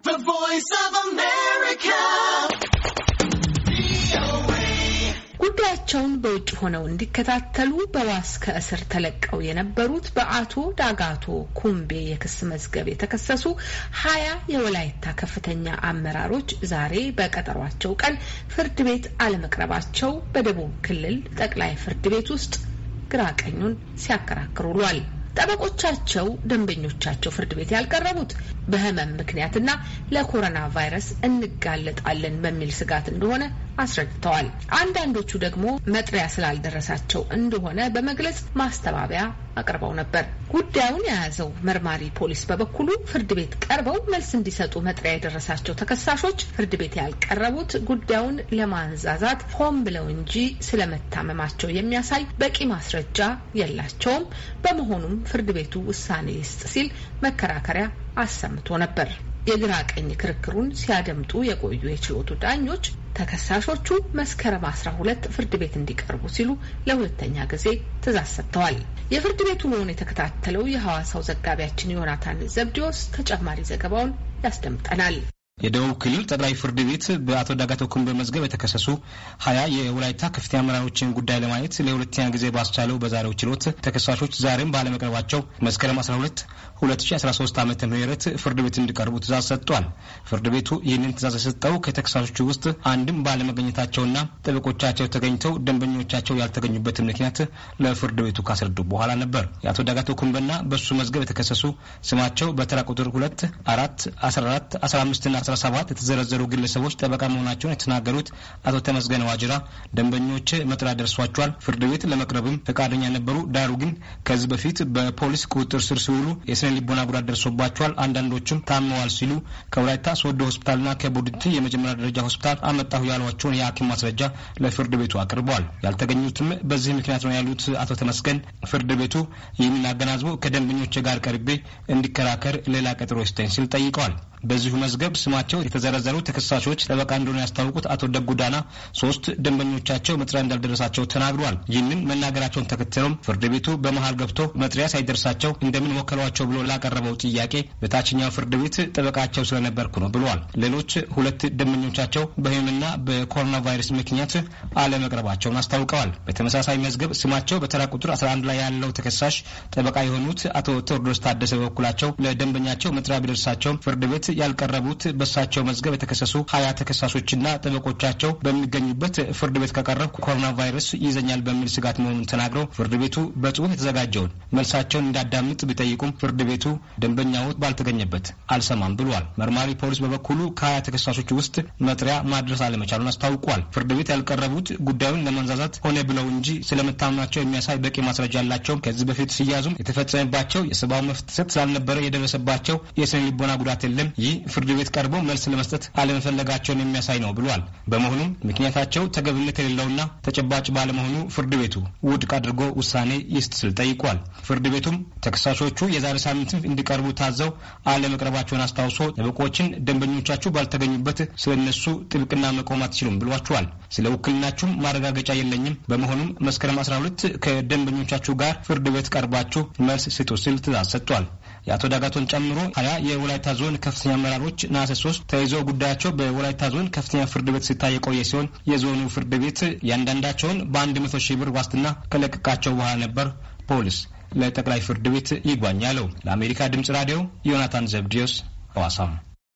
The Voice of America. ጉዳያቸውን በውጭ ሆነው እንዲከታተሉ በዋስ ከእስር ተለቀው የነበሩት በአቶ ዳጋቶ ኩምቤ የክስ መዝገብ የተከሰሱ ሀያ የወላይታ ከፍተኛ አመራሮች ዛሬ በቀጠሯቸው ቀን ፍርድ ቤት አለመቅረባቸው በደቡብ ክልል ጠቅላይ ፍርድ ቤት ውስጥ ግራ ቀኙን ሲያከራክር ጠበቆቻቸው ደንበኞቻቸው ፍርድ ቤት ያልቀረቡት በህመም ምክንያትና ለኮሮና ቫይረስ እንጋለጣለን በሚል ስጋት እንደሆነ አስረድተዋል። አንዳንዶቹ ደግሞ መጥሪያ ስላልደረሳቸው እንደሆነ በመግለጽ ማስተባበያ አቅርበው ነበር። ጉዳዩን የያዘው መርማሪ ፖሊስ በበኩሉ ፍርድ ቤት ቀርበው መልስ እንዲሰጡ መጥሪያ የደረሳቸው ተከሳሾች ፍርድ ቤት ያልቀረቡት ጉዳዩን ለማንዛዛት ሆን ብለው እንጂ ስለመታመማቸው የሚያሳይ በቂ ማስረጃ የላቸውም፣ በመሆኑም ፍርድ ቤቱ ውሳኔ ይስጥ ሲል መከራከሪያ አሰምቶ ነበር። የግራ ቀኝ ክርክሩን ሲያደምጡ የቆዩ የችሎቱ ዳኞች ተከሳሾቹ መስከረም 12 ፍርድ ቤት እንዲቀርቡ ሲሉ ለሁለተኛ ጊዜ ትእዛዝ ሰጥተዋል። የፍርድ ቤቱ መሆን የተከታተለው የሐዋሳው ዘጋቢያችን ዮናታን ዘብዲዎስ ተጨማሪ ዘገባውን ያስደምጠናል። የደቡብ ክልል ጠቅላይ ፍርድ ቤት በአቶ ዳጋቶ ኩምቤ መዝገብ የተከሰሱ ሀያ የወላይታ ከፍተኛ አመራሮችን ጉዳይ ለማየት ለሁለተኛ ጊዜ ባስቻለው በዛሬው ችሎት ተከሳሾች ዛሬም ባለመቅረባቸው መስከረም 12 2013 ዓ ም ፍርድ ቤት እንዲቀርቡ ትእዛዝ ሰጥቷል። ፍርድ ቤቱ ይህንን ትእዛዝ የሰጠው ከተከሳሾቹ ውስጥ አንድም ባለመገኘታቸውና ጠበቆቻቸው ተገኝተው ደንበኞቻቸው ያልተገኙበትም ምክንያት ለፍርድ ቤቱ ካስረዱ በኋላ ነበር። የአቶ ዳጋቶ ኩምቤና በሱ መዝገብ የተከሰሱ ስማቸው በተራ ቁጥር 2 4 14 15ና 17 የተዘረዘሩ ግለሰቦች ጠበቃ መሆናቸውን የተናገሩት አቶ ተመስገን ዋጅራ ደንበኞች መጥሪያ ደርሷቸዋል፣ ፍርድ ቤት ለመቅረብም ፈቃደኛ ነበሩ፣ ዳሩ ግን ከዚህ በፊት በፖሊስ ቁጥጥር ስር ሲውሉ የስነ ልቦና ጉዳት ደርሶባቸዋል፣ አንዳንዶችም ታመዋል ሲሉ ከወላይታ ሶዶ ሆስፒታልና ከቡድንት የመጀመሪያ ደረጃ ሆስፒታል አመጣሁ ያሏቸውን የሐኪም ማስረጃ ለፍርድ ቤቱ አቅርበዋል። ያልተገኙትም በዚህ ምክንያት ነው ያሉት አቶ ተመስገን ፍርድ ቤቱ ይህንን አገናዝቦ ከደንበኞች ጋር ቀርቤ እንዲከራከር ሌላ ቀጠሮ ይስጠኝ ሲል ጠይቀዋል። በዚሁ መዝገብ ስማቸው የተዘረዘሩ ተከሳሾች ጠበቃ እንደሆነ ያስታወቁት አቶ ደጉዳና ሶስት ደንበኞቻቸው መጥሪያ እንዳልደረሳቸው ተናግሯል። ይህንን መናገራቸውን ተከትለውም ፍርድ ቤቱ በመሀል ገብቶ መጥሪያ ሳይደርሳቸው እንደምን ወከሏቸው ብሎ ላቀረበው ጥያቄ በታችኛው ፍርድ ቤት ጠበቃቸው ስለነበርኩ ነው ብለዋል። ሌሎች ሁለት ደንበኞቻቸው በህመምና በኮሮና ቫይረስ ምክንያት አለመቅረባቸውን አስታውቀዋል። በተመሳሳይ መዝገብ ስማቸው በተራ ቁጥር 11 ላይ ያለው ተከሳሽ ጠበቃ የሆኑት አቶ ቴዎድሮስ ታደሰ በበኩላቸው ለደንበኛቸው መጥሪያ ቢደርሳቸውም ፍርድ ቤት ያልቀረቡት በእሳቸው መዝገብ የተከሰሱ ሀያ ተከሳሾችና ጠበቆቻቸው በሚገኙበት ፍርድ ቤት ከቀረብ ኮሮና ቫይረስ ይዘኛል በሚል ስጋት መሆኑን ተናግረው ፍርድ ቤቱ በጽሁፍ የተዘጋጀውን መልሳቸውን እንዳዳምጥ ቢጠይቁም ፍርድ ቤቱ ደንበኛዎት ባልተገኘበት አልሰማም ብሏል። መርማሪ ፖሊስ በበኩሉ ከሀያ ተከሳሾች ውስጥ መጥሪያ ማድረስ አለመቻሉን አስታውቋል። ፍርድ ቤት ያልቀረቡት ጉዳዩን ለመንዛዛት ሆነ ብለው እንጂ ስለመታመናቸው የሚያሳይ በቂ ማስረጃ ያላቸውም ከዚህ በፊት ሲያዙም የተፈጸመባቸው የሰብአዊ መፍትሰት ስላልነበረ የደረሰባቸው የስነ ልቦና ጉዳት የለም ይህ ፍርድ ቤት ቀርቦ መልስ ለመስጠት አለመፈለጋቸውን የሚያሳይ ነው ብሏል። በመሆኑም ምክንያታቸው ተገብነት የሌለውና ተጨባጭ ባለመሆኑ ፍርድ ቤቱ ውድቅ አድርጎ ውሳኔ ይስጥ ስል ጠይቋል። ፍርድ ቤቱም ተከሳሾቹ የዛሬ ሳምንት እንዲቀርቡ ታዘው አለመቅረባቸውን አስታውሶ ጠበቆችን ደንበኞቻችሁ ባልተገኙበት ስለነሱ ጥብቅና መቆም አትችሉም ብሏቸዋል። ስለ ውክልናችሁም ማረጋገጫ የለኝም። በመሆኑም መስከረም 12 ከደንበኞቻችሁ ጋር ፍርድ ቤት ቀርባችሁ መልስ ስጡ ስል ትእዛዝ ሰጥቷል። የአቶ ዳጋቶን ጨምሮ ሀያ የወላይታ ዞን ከፍተኛ አመራሮች ነሐሴ ሶስት ተይዘው ጉዳያቸው በወላይታ ዞን ከፍተኛ ፍርድ ቤት ሲታይ የቆየ ሲሆን የዞኑ ፍርድ ቤት እያንዳንዳቸውን በአንድ መቶ ሺህ ብር ዋስትና ከለቀቃቸው በኋላ ነበር ፖሊስ ለጠቅላይ ፍርድ ቤት ይጓኛለው። ለአሜሪካ ድምጽ ራዲዮ ዮናታን ዘብዲዮስ ሐዋሳም